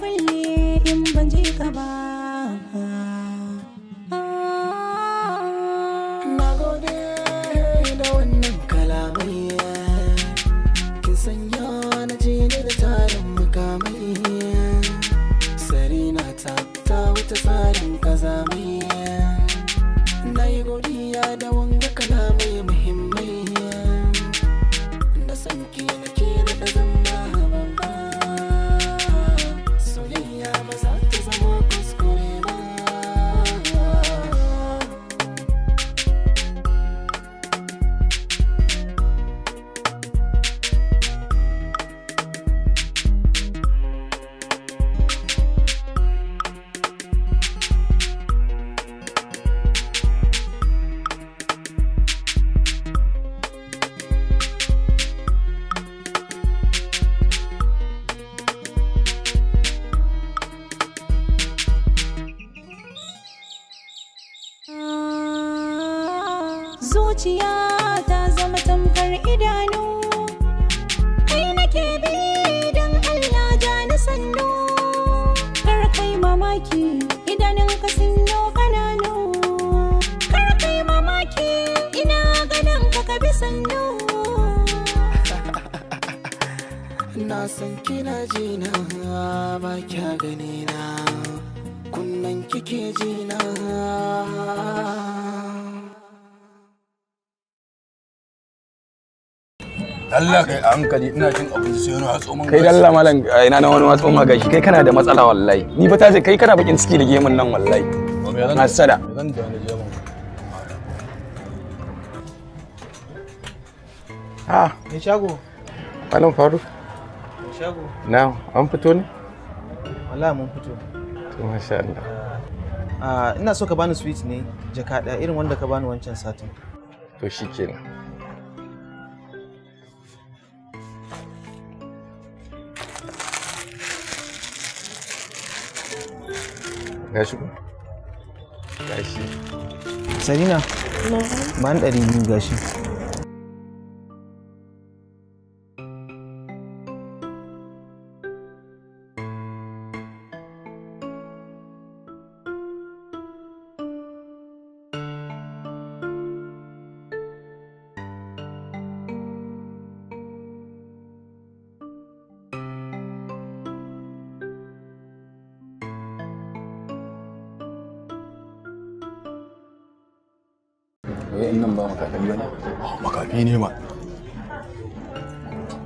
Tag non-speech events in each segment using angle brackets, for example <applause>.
kulle in ban je ka ba na ba gani na kunnan kike ji na Allah kai hankali ina cin abinci ina na wani gashi kai kana da matsala wallahi ni ba ta kai kana bakin ciki da gemun nan wallahi na sada shago na an fito ne wala mun fito masha Allah ah, ah, ina so ka bani sweet ne jaka ɗaya irin wanda ka bani wancan satin to shikenan gashi ko gashi sarina ban ɗari biyu gashi yi nema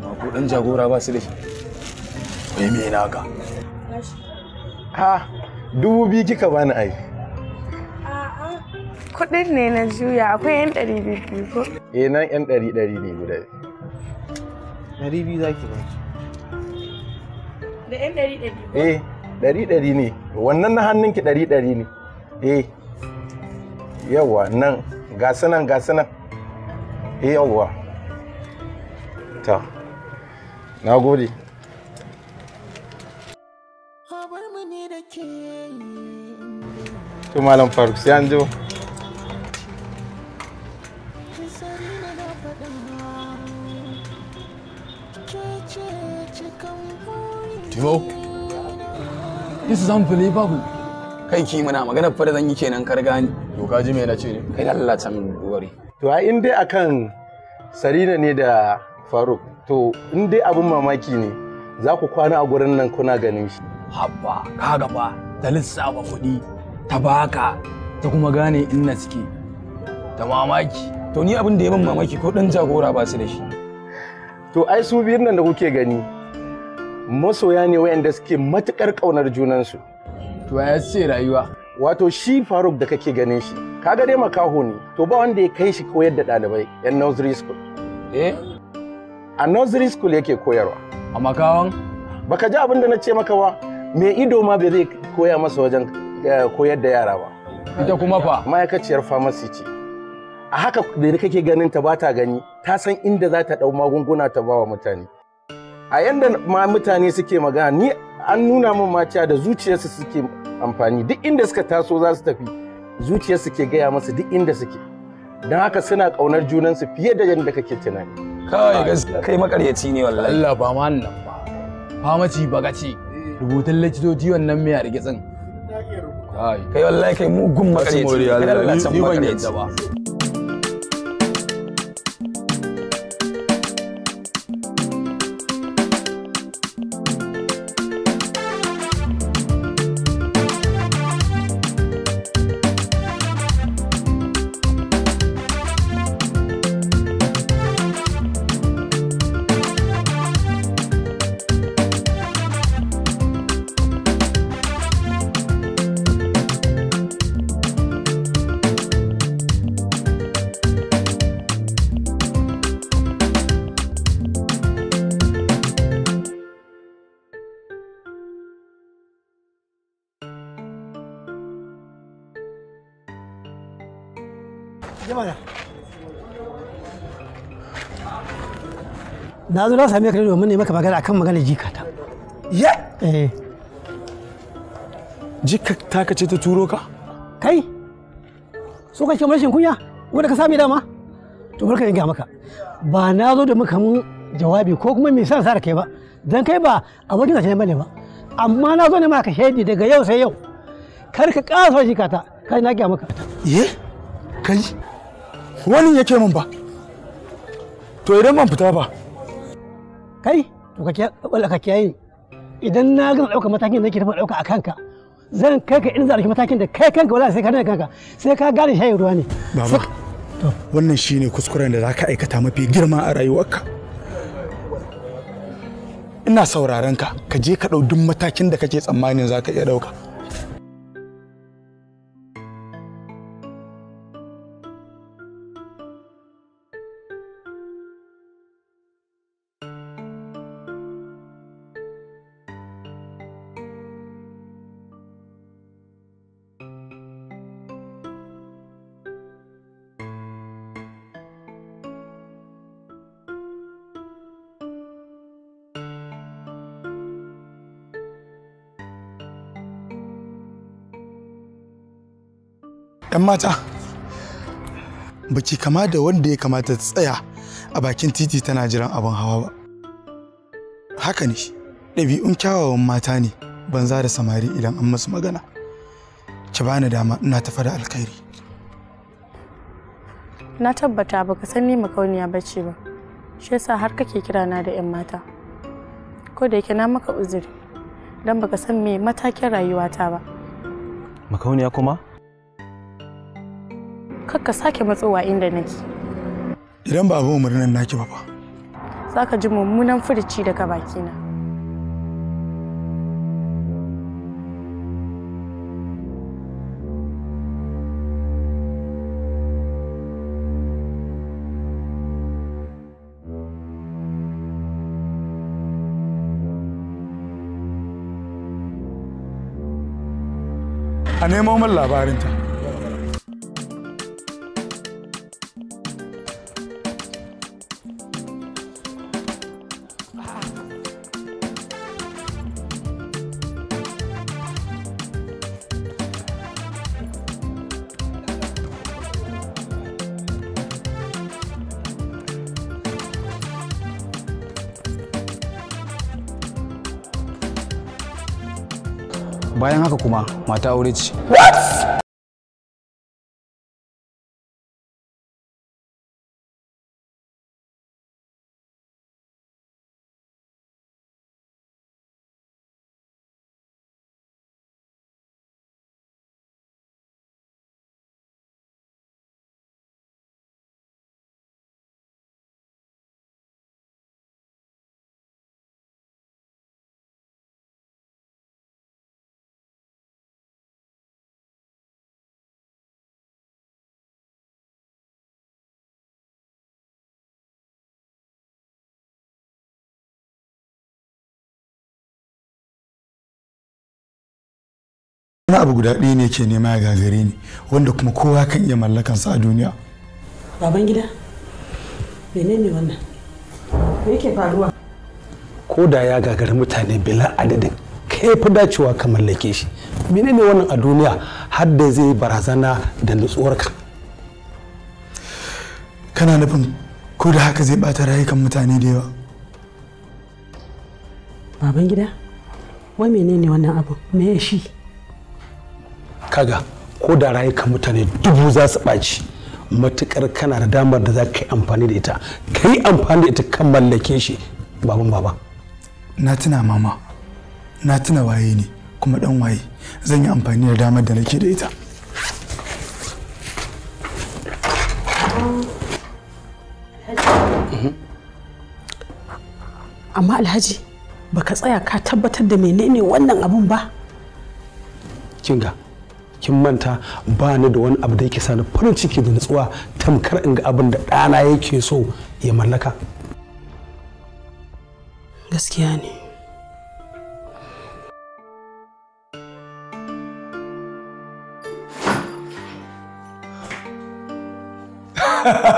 ba ko dan jagora ba su da shi bai me na ka ha dubu biyu kika bani ai kudin ne na juya akwai yan ɗari biyu ko eh nan yan ɗari ɗari ne guda ɗari biyu za ki baki da yan ɗari ɗari eh ɗari ɗari ne wannan na hannunki ɗari ɗari ne eh yawa nan ga sanan ga sanan eh yawwa ta na gode to malam faruk sai an jo Yo. this is unbelievable. Kai ki muna maganar fara zan yi kenan kar gani. To ka ji me na ce ne? Kai Allah ta min to a in dai kan sarina ne da faruk to in dai abin mamaki ne za ku kwana a gurin nan kuna ganin shi habba ka gaba ta lissafa kuɗi ta baka ta kuma gane inna suke ta mamaki to ni abin da ya ban mamaki ko ɗan jagora ba su da shi to ai su biyun nan da kuke gani masoya ne wayanda suke matuƙar ƙaunar junansu to ya ce rayuwa wato shi faruk da kake ganin shi kaga dai makaho ne to ba wanda ya kai shi koyar da ɗalibai yan nursery school eh a nursery school yake koyarwa a makawan baka ji abin da na ce maka ba mai ido ma bai zai koya masa wajen eh, koyar da yara ba ita kuma fa ma'aikaciyar pharmacy ce a haka da kake ganin ta bata gani ta san inda za ta dau magunguna ta bawa mutane a yanda ma mutane suke magana ni an nuna min ma da zuciyarsu suke amfani duk inda suka taso za su tafi zuciyar su ke gaya masa duk inda suke don haka suna ƙaunar junansu fiye da yadda kake tunani kai gaskiya kai makaryaci ne wallahi Allah ba ma Allah ba famaci baga ce rubutun likitoci wannan mai argitsin kai wallahi kai mugun makaryaci kai Allah san makaryaci ba na zo na same ka domin ne maka magana akan magana jikata ya eh jika ta kace ta turo ka kai so kake rashin kunya wanda ka sami dama to barka ga maka ba na zo da muka mun jawabi ko kuma me san sar kai ba dan kai ba a abokin zace bane ba amma na zo ne maka shedi daga yau sai yau kar ka kasa jikata kai na ga maka ye kai wani yake mun ba to idan man fita ba kai to ka kiyaye idan na gama ɗaukar matakin da nake tafi ɗauka a kanka zan kai ka inda ɗauki matakin da kai kanka wala sai ka kanka sai ka gane shayi ruwa ne baba wannan shine kuskuren da zaka aikata mafi girma a rayuwarka ina sauraron ka ka je ka ɗau duk matakin da kake tsammanin zaka iya ɗauka 'yan mata baki kama da wanda ya kamata ta tsaya a bakin titi tana jiran abin hawa ba haka ne ɗabi'un kyawawan mata ne banza da samari idan an masu magana ki bani dama ina tafa da alkhairi na tabbata baka san ni makauniya bace ba shi yasa har kake kira na da 'yan mata ko da yake na maka uzuri don baka san me matakin rayuwata ba makauniya kuma kar sake matsowa inda nake idan ba abin umarnin naki ba fa za ka ji mummunan furici daga bakina a nemo min labarinta bayan haka kuma mata aure ce what wani abu guda ɗaya ne ke nema ya gagare ni wanda kuma kowa kan iya mallakansa a duniya baban gida menene wannan me yake faruwa ko da ya gagari mutane bila adadin kai fi dacewa ka mallake shi menene wannan a duniya har da zai barazana da nutsuwarka kana nufin ko da haka zai bata rayukan mutane da yawa baban gida wai menene wannan abu me shi kaga ko da rayuka mutane dubu za su ɓaci matukar kana da damar da za ka yi amfani da ita ka yi amfani da ita kan mallake shi baban baba na tuna mama na tuna waye ne kuma dan waye zan yi amfani da damar da nake da ita amma alhaji baka tsaya ka tabbatar da menene wannan abun ba kinga kin manta ba ni da wani abu da yake sani farin ciki da nutsuwa tamkar in ga abin da ɗana yake so ya mallaka gaskiya ne ha <laughs> ha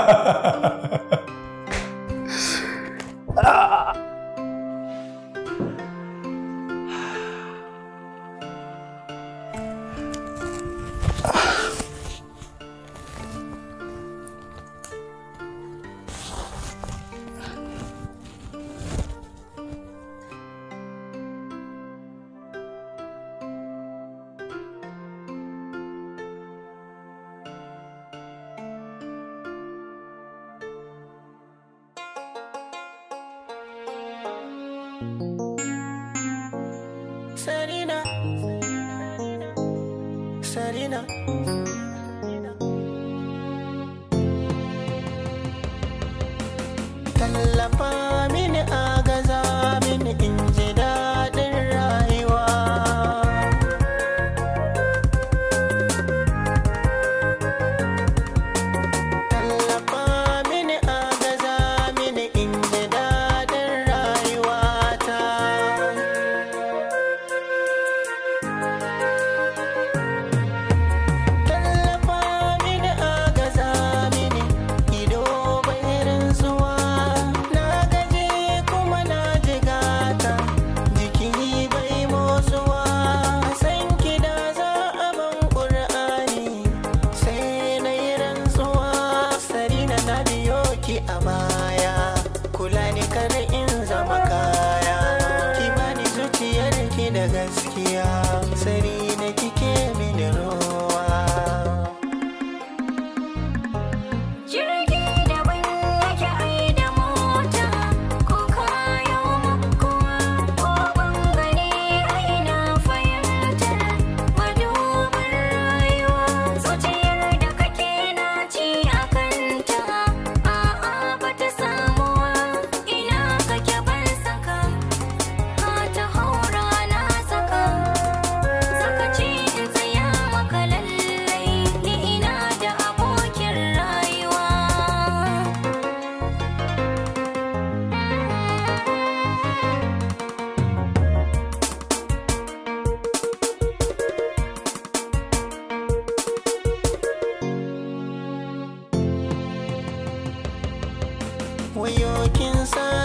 you can san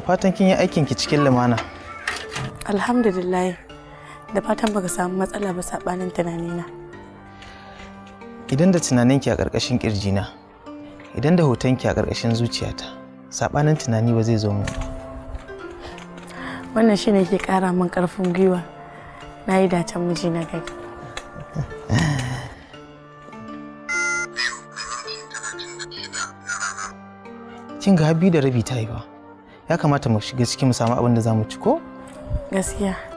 da fatan kin yi aikin ki cikin lumana alhamdulillah da fatan baka samu matsala ba sabanin tunanina idan da tunanin ki a ƙarƙashin ƙirjina idan da hoton ki a ƙarƙashin zuciyata sabanin tunani ba zai zo mu ba wannan shine ke ƙara min ƙarfin gwiwa na yi dacen miji na gari kin ga habi da rabi ta yi ba ya kamata mu shiga ciki mu samu abin da za mu ci ko gaskiya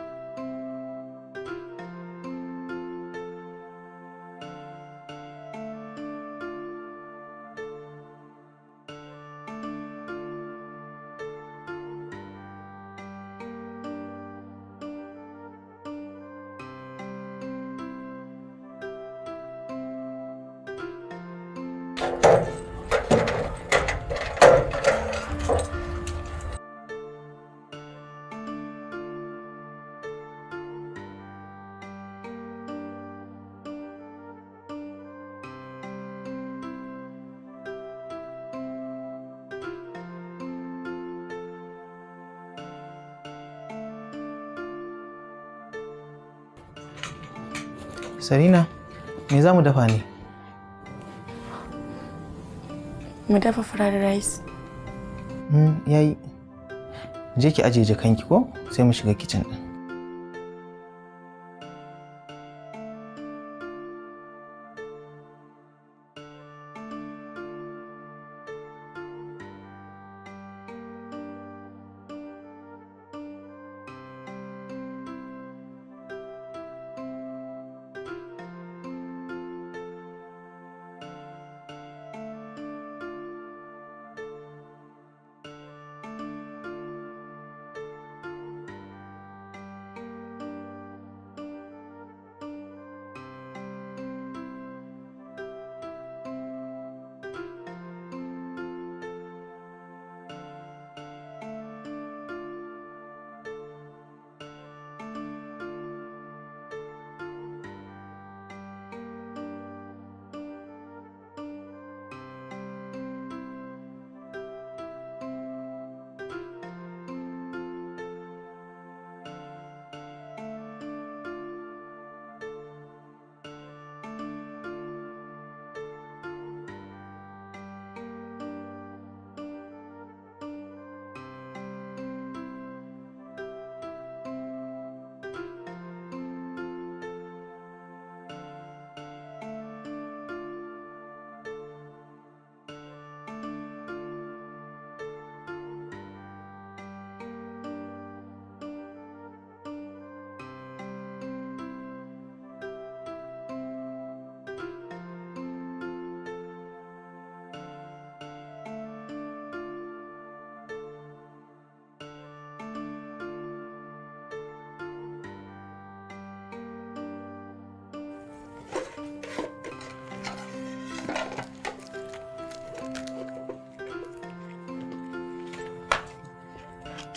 Sarina, me za mu dafa ne? Mu dafa fried rice. Hmm, yayi. Je ki ajiye jakanki ko sai mu shiga kicin ɗin.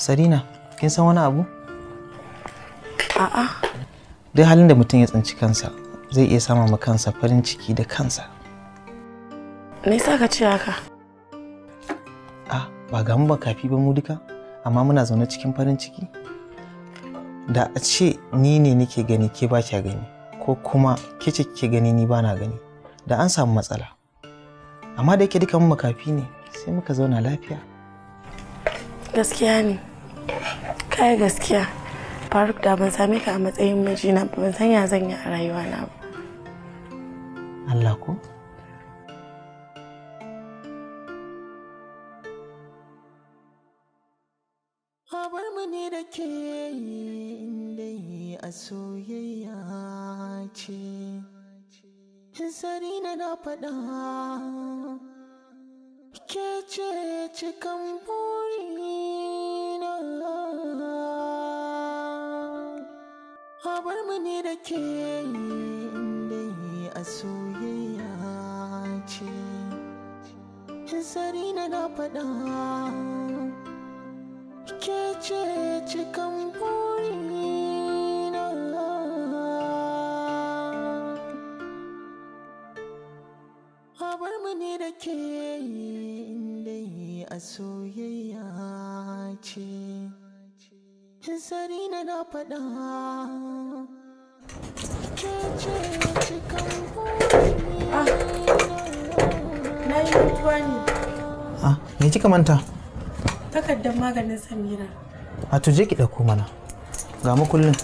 Sarina, kin san wani abu? A'a. Duk halin da mutum ya tsinci kansa zai iya samu ma kansa farin ciki da kansa. Me yasa ka ce haka? Ah, ba ga mu ba kafi ba mu duka, amma muna zaune cikin farin ciki. Da a ce ni ne nake gani ke ba kya gani, ko kuma ke ce kike gani ni ba na gani, da an samu matsala. Amma da yake duka mu makafi ne, sai muka zauna lafiya. Gaskiya ne. kai gaskiya faruk da ban same ka a matsayin mijina ban san ya zanya a rayuwa na ba Allah ko a bar mu ne da ke yi a soyayya ce sari na na faɗa ke ce cikan na a bar mu ne da ke yi a soyayya ce sari na na faɗa Ah, ah, me kika manta? Takardar maganin Samira. A ah, tuje ki ɗauko mana. Ga mu kullun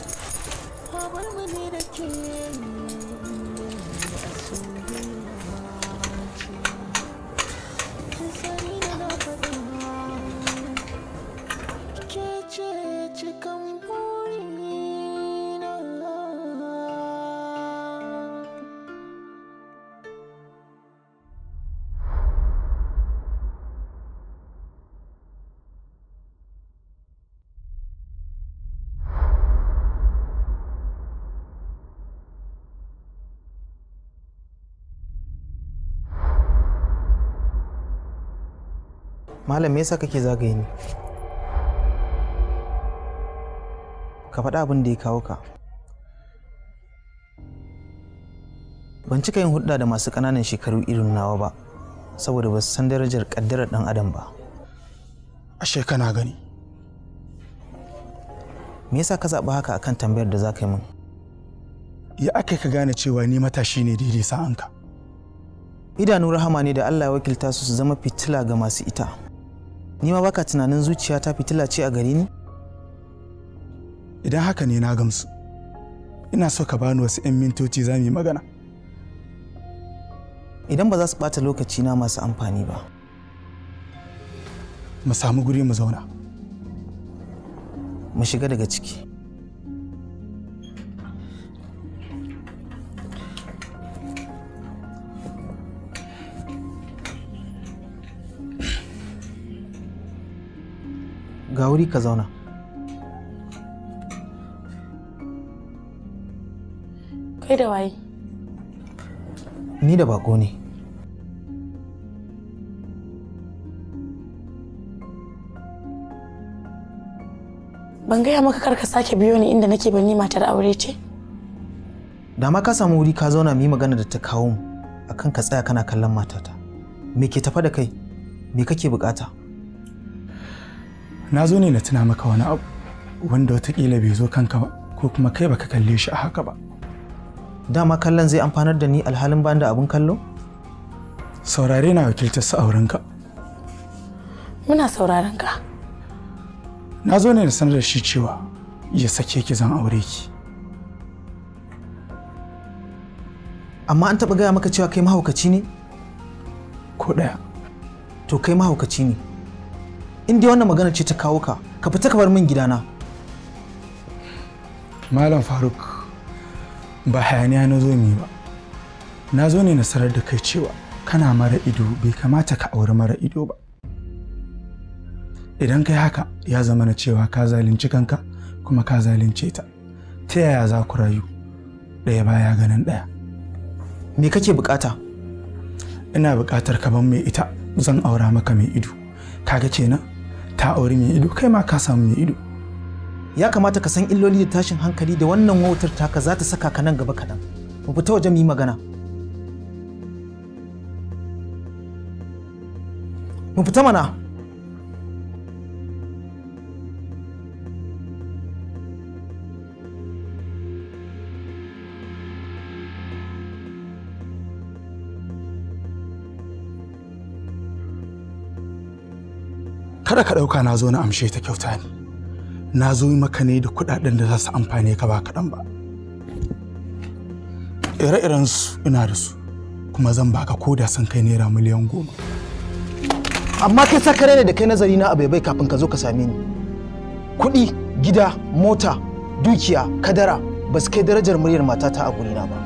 malam me yasa kake zagaye ni ka faɗa abin da ya kawo ka ban cika yin hudda da masu ƙananan shekaru irin nawa ba saboda ba san darajar ƙaddarar ɗan adam ba ashe kana gani me yasa ka zaɓi haka akan tambayar da za ka yi min ya ake ka gane cewa ni matashi ne daidai sa'anka idanu rahama ne da allah ya wakilta su su zama fitila ga masu ita ni ma baka tunanin zuciya ta fitila ce a gare ni idan haka ne na gamsu ina so ka bani wasu 'yan mintoci za mu yi magana idan ba za su ɓata lokaci na masu amfani ba mu samu guri mu zauna mu shiga daga ciki ga wuri ka zauna kai da waye ni da bako ne ban gaya maka kar ka sake biyo ni inda nake ba ni matar aure ce da ma ka samu wuri ka zauna mu yi magana da ta kawo mu akan ka tsaya kana kallon matata me ke tafa da kai me kake bukata na zo ne na tuna maka wani abu wanda watakila bai zo kanka ba ko kuma kai baka kalle shi a haka ba dama kallon zai amfanar da ni alhalin ban da abun kallo saurare na wakiltar su aurenka muna sauraron ka na zo ne na sanar da shi cewa ya sake ki zan aure ki amma an taɓa gaya maka cewa kai mahaukaci ne ko ɗaya to kai mahaukaci ne in dai wannan magana ce ta kawo ka ka fita ka bar min gidana malam faruk ba hayaniya na zo ne ba na zo ne na sanar da kai cewa kana mara ido bai kamata ka auri mara ido ba idan kai haka ya zama na cewa ka zalunci kanka kuma ka zalunce ta ta yaya za ku rayu ɗaya baya ganin ɗaya me kake bukata ina bukatar ka ban mai ita zan aura maka mai ido kaga kenan ta auri mai ido kai ma ka samu mai ido ya kamata ka san illoli da tashin hankali da wannan wautar taka za ta saka ka nan gaba kaɗan mu fita waje mu yi magana mu fita mana kada ka ɗauka na zo na amshe ta kyauta ne na zo maka ne da kuɗaɗen da za su amfane ka ba kaɗan ba ire-iren su ina da su kuma zan baka koda sun kai naira miliyan goma amma kai sakare ne da kai nazari na abai bai kafin ka zo ka same ni kuɗi gida mota dukiya kadara ba su kai darajar muryar matata a gurina ba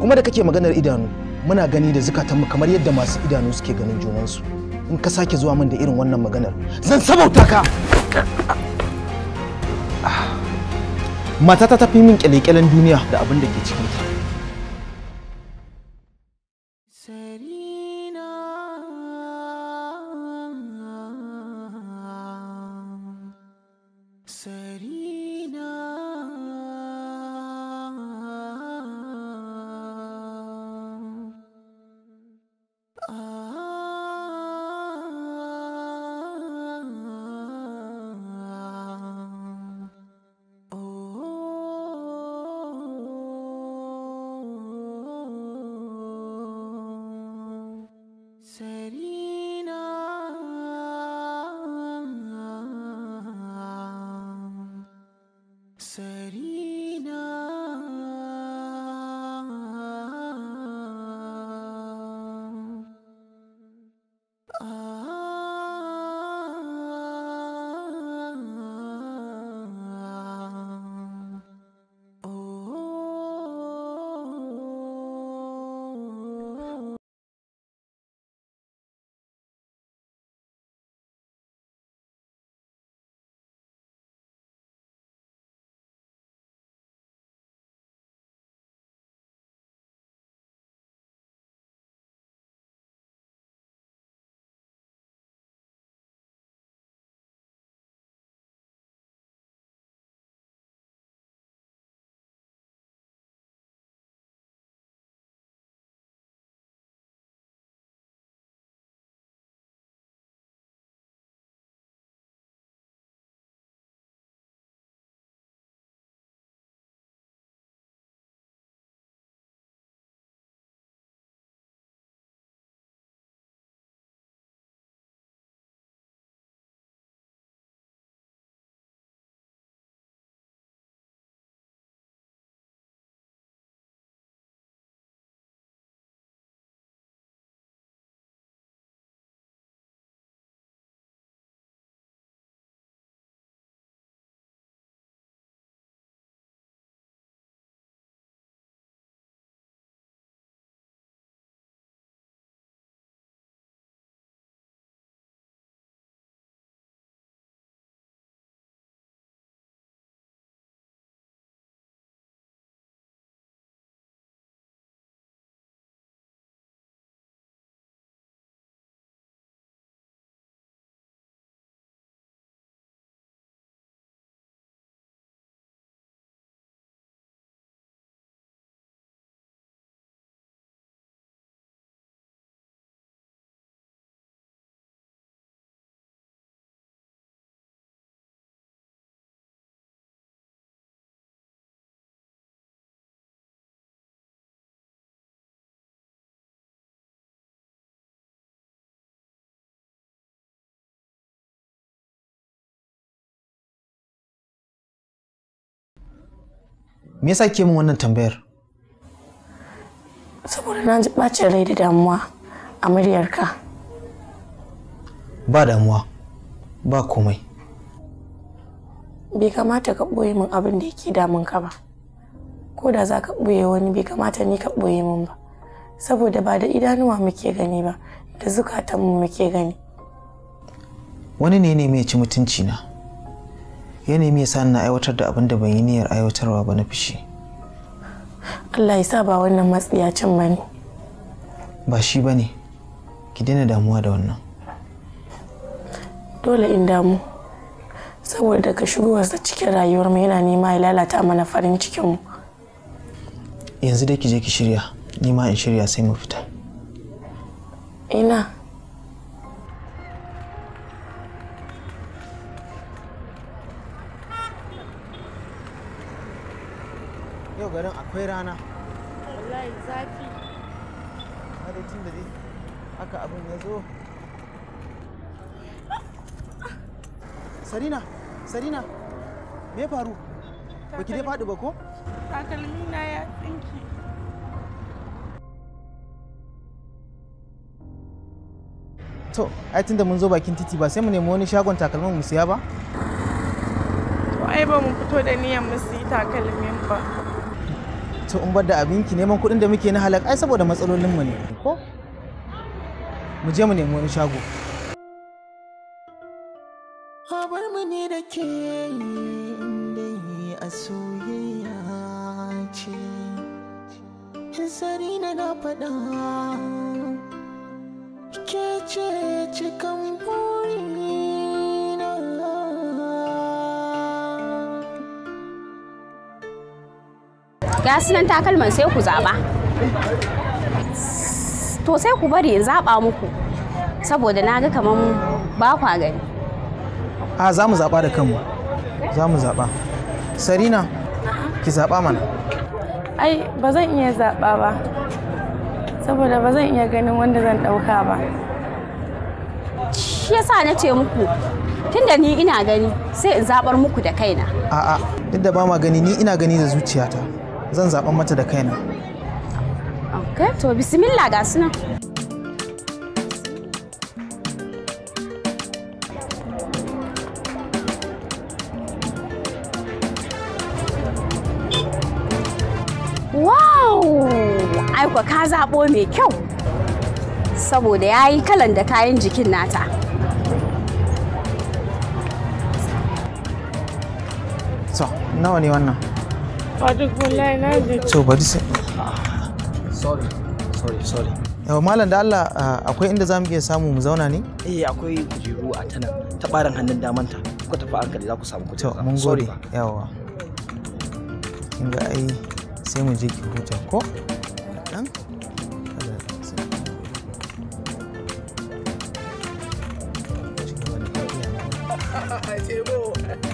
kuma da kake maganar idanu muna gani da zukatanmu kamar yadda masu idanu suke ganin junansu. su in ka sake zuwa min da irin wannan maganar zan sabauta ka ah. matata ta fi min kyale-kyalen duniya da abin da ke cikinta me yasa ke min wannan tambayar saboda na ji bacin rai da damuwa a muryarka ba damuwa ba komai bai kamata ka ɓoye min abin da yake damun ka ba ko da za ka ɓoye wani bai kamata ni ka ɓoye min ba saboda ba da idanuwa muke gani ba da zukatanmu muke gani wani ne ne mai ci mutunci na ya nemi ya sa na aiwatar da abin da ban yi niyyar aiwatarwa ba na fushi Allah ya sa ba wannan matsiyacin ba ne ba shi ba ne ki daina damuwa da wannan dole in damu saboda daga shigowarsa cikin rayuwar mu yana nema ya lalata mana farin cikin mu yanzu dai ki je ki shirya nima in shirya sai mu fita ina akwai rana wallahi zafi kada tun da dai haka abin ya zo sarina sarina me faru Ba ki dai faɗi ba ko takalmi na ya tsinki to ai tunda mun zo bakin titi ba sai mu nemi wani shagon takalmin mu siya ba to ai ba mu fito da niyan mu siya takalmin ba to in bar da abinki neman kuɗin da muke na halak ai saboda mu ne ko mu je mu nemi wani shago Habar mu ne da ke a soyayya ce Sari na na faɗa ke ce cikin buwa ga sunan takalman sai ku zaba to sai ku bari in zaba muku saboda na ga kamar ba kwa gani a za mu zaba da kanmu za mu zaba sarina ki zaba mana ai ba zan iya zaba ba saboda ba zan iya ganin wanda zan dauka ba shi yasa na ce muku tunda ni ina gani sai in zabar muku da kaina a'a duk da ba ma gani ni ina gani da zuciyata zan zaben mata da kaina ok to bismillah ga suna wow aiko ka zaɓo mai kyau saboda ya yi kalan da kayan jikin nata so nawa ne wannan sorry sorry sorry malam da Allah akwai inda zamu iya samu mu zauna ne eh akwai kujeru a tana ta barin hannun damanta ku tafi an kare za ku samu kujeru mun gode yawa kin ga ai sai mu je ki huta ko dan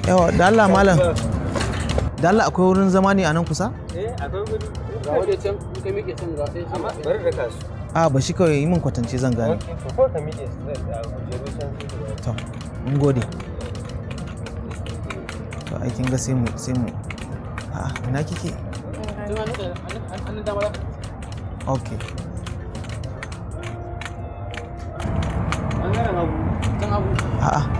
yawa <laughs> da Allah malam da Allah akwai wurin zama ne a nan kusa? eh akwai wuri ga waje can ka miƙe can ga sai amma bari da kasu a ba shi kawai yi min kwatance zan gane ko ka miƙe zai to mun gode to ai kin ga sai mu sai mu a ah, ina kike okay a'a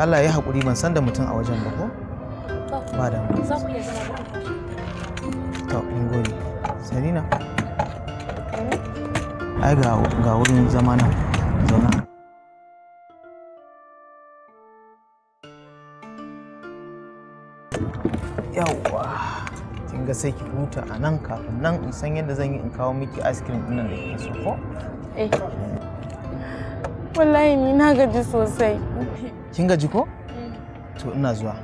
da Allah ya haƙuri ban san da mutum a wajen ba ko ba da za ku iya zama to in gode sarina eh? ai ga wurin zama na zauna yawwa kin ga sai ki huta a nan kafin nan in san yadda zan yi in kawo miki ice cream din nan da kike so ko eh wallahi ni na gaji sosai kin gaji ko to ina zuwa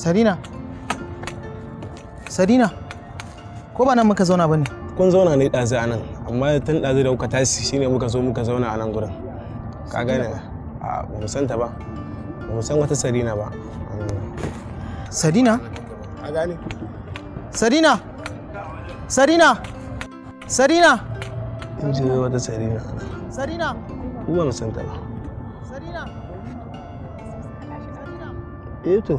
Sarina. Sarina. Ko ba nan muka zauna bane? Kun zauna ne ɗazu a nan. amma tun ɗazu da kuka tashi shine muka so muka zauna a nan gurin ka gane a ba mu san ta ba ba mu san wata sarina ba sarina a gane sarina sarina sarina in ji wata sarina sarina kuma ba mu san ta ba sarina eh to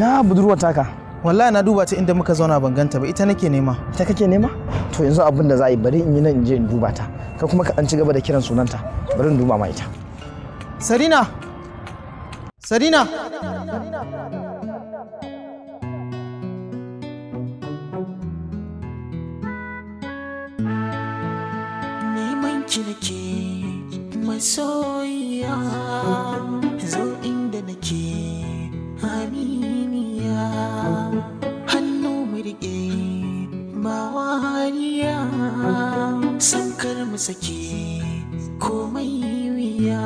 ina budurwar taka wallahi na duba ta inda muka zauna ban ganta ba ita nake nema ita kake nema to yanzu abin da za a yi bari in yi nan in je in duba ta ka kuma ka dan ci gaba da kiran sunanta bari in duba ma ita sarina sarina Soya, zo inda nake amin hannu mu riƙe ba wariya sankar mu sake komai wuya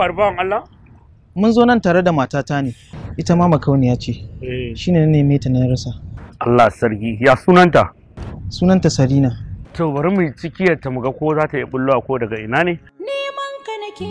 faru ba Allah? Mun zo nan tare da matata ne, ita ma makauniya ce, eh. shi ne neme ta na rasa. Allah sarki, ya sunanta? Sunanta Sarina. To bari mu cikiyarta mu ga ko za ta yi bullo ko daga ina ne? Neman ka nake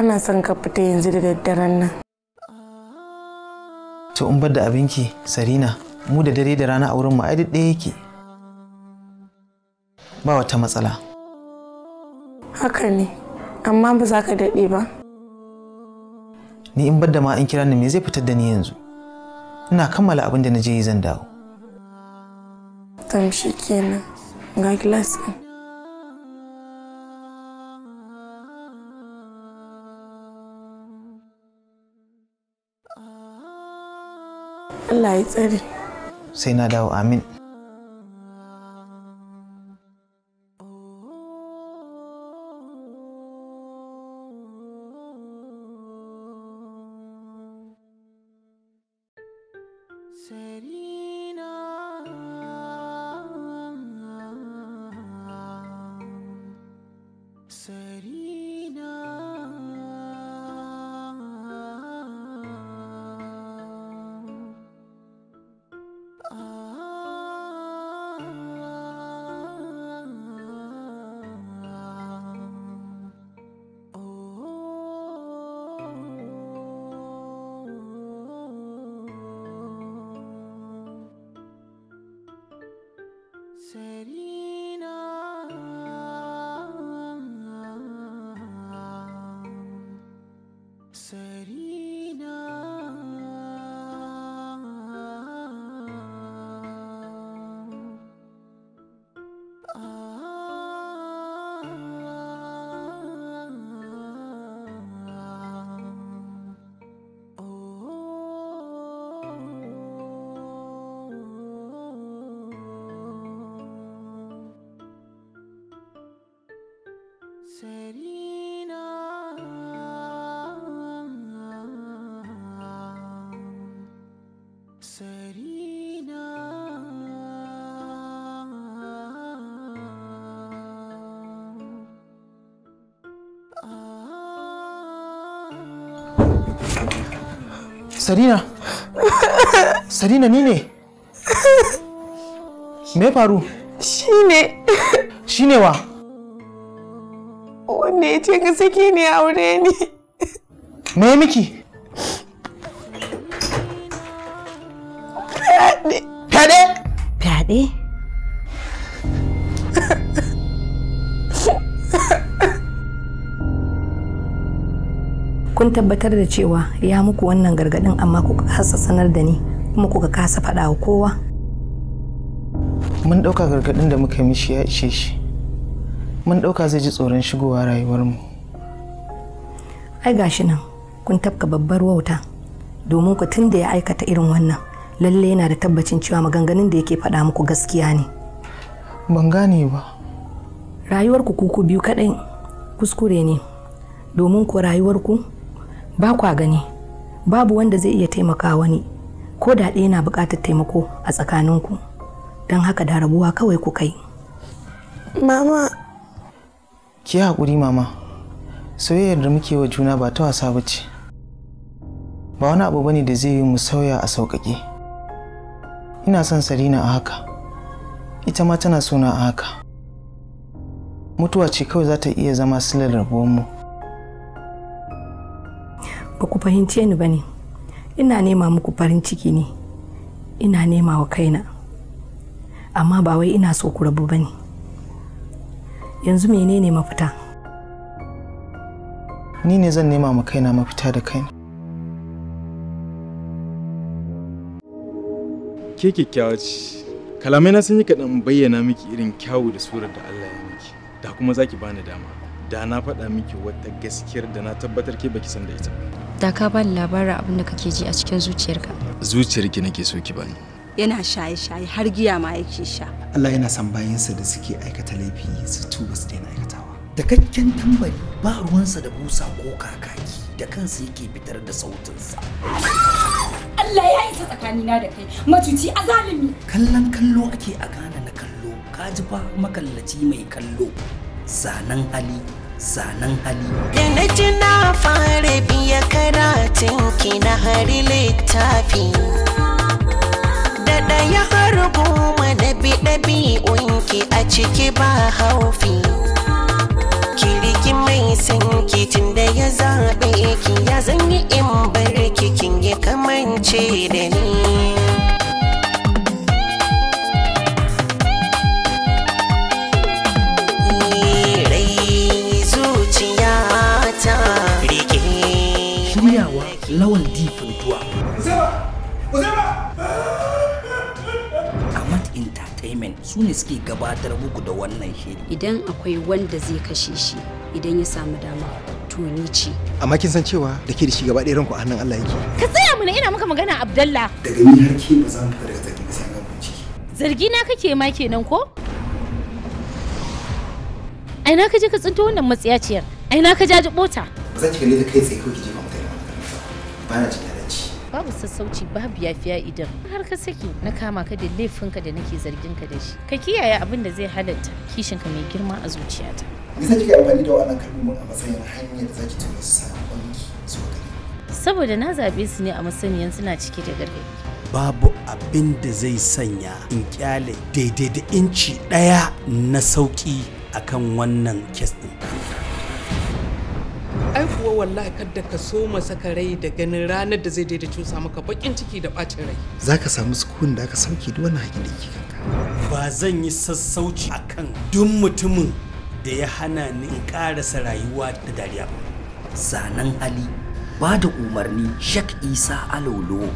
ba son ka fita yanzu da daddaren nan. To in bar da abinki, Sarina, mu da dare da rana a wurin mu ai ɗaya yake. Ba wata matsala. Haka ne, amma ba za ka daɗe ba. Ni in bar da ma in kira ni me zai fitar da ni yanzu? Ina kammala abin da na je yi zan dawo. Tamshi kenan, ga gilas ɗin. Allah ya tsare sai na dawo amin Sarina! Sarina ni ne? Me faru? Shi ne. Shi ne wa? Wanda ya ce ka saki ne aure ni. Me miki? kun tabbatar da cewa ya muku wannan gargadin amma kuka kasa sanar da ni kuma kuka kasa faɗa wa kowa mun ɗauka gargadin da muka mishi ya ishe shi mun ɗauka zai ji tsoron shigowa rayuwarmu ai gashi nan kun tafka babbar wauta domin ku tun da ya aikata irin wannan lalle yana da tabbacin cewa maganganun da yake faɗa muku gaskiya ne ban gane ba rayuwarku kuku biyu kaɗai kuskure ne domin ku rayuwarku ba kwa gani babu wanda zai iya taimaka wani ko da ɗaya na buƙatar taimako a tsakaninku don haka da rabuwa kawai ku kai mama ki haƙuri mama soyayyar da muke wa juna ba ta wasa ba ce ba wani abu bane da zai yi mu sauya a sauƙaƙe ina son sarina a haka ita ma tana suna a haka mutuwa ce kawai za ta iya zama silar rabuwanmu mu ba ku fahimce ni ba ne ina nema muku farin ciki ne ina nema wa kaina amma ba wai ina so ku rabu ba ne yanzu menene mafita ni ne zan nema ma kaina mafita da kaina ke kyakkyawa ce kalamai na sun yi kaɗan bayyana miki irin kyawu da surar da allah ya miki da kuma zaki bani dama da na faɗa miki wata gaskiyar da na tabbatar ke baki san da ita da ka ba ni labarin abin da kake ji a cikin zuciyarka zuciyarki nake so ki bani yana shaye-shaye har giya ma yake sha. Allah yana son bayansa da suke aikata laifi su tuba su daina aikatawa. Da kakken tambari ba ruwansa da busa ko kakaki da kansa yake fitar da sautinsa. Allah ya isa tsakanina da kai matuci a Kallon kallo ake a gane na kallo, ka ji fa makallaci mai kallo, zanen hali zanen hali da na ji na fara biya karatun ki na hari littafi da ɗaya har goma na bi ki a ciki ba haufi kiriki mai san tun da ya zaɓe ki ya zanyi in bar kikin ya kamance da ni lawan difuntuwa. Uzaiba! Uzaiba! Amat Entertainment su ne suke gabatar muku da wannan shiri. Idan akwai wanda zai kashe shi idan ya samu dama to ni ce. Amma kin san cewa da ke da shi gaba ɗaya ranku a hannun Allah yake. Ka tsaya mana ina maka magana Abdallah. Daga ni har ke ba zan fita daga zargi sai an ciki. Zargi na kake ma kenan ko? Ai na ka je ka tsinto wannan matsiyaciyar. Ai na ka jaji mota. Ba zan cika ne da kai tsaye ko ki ba. bana da daɗi babu sassauci babu yafiya idan har ka saki na kama ka da laifinka da nake zargin ka da shi ka kiyaye abin da zai halatta kishinka mai girma a zuciyata me zaki ga amfani da wannan kalmomin a matsayin hanyar da zaki tura sakonki zuwa gare saboda na zabe su ne a masaniyan suna cike da gargadi. babu abin da zai sanya in kyale daidai da inci ɗaya na sauki akan wannan kes ɗin kuwa wallahi kadda ka so masa rai da ganin ranar da zai daida cusa maka bakin ciki da bacin rai za ka samu sukun da aka sauke duk wani haƙin da yake kanka ba zan yi sassauci akan duk mutumin da ya hana ni in ƙarasa rayuwa da dariya ba zanen Ali ba da umarni shak isa alolo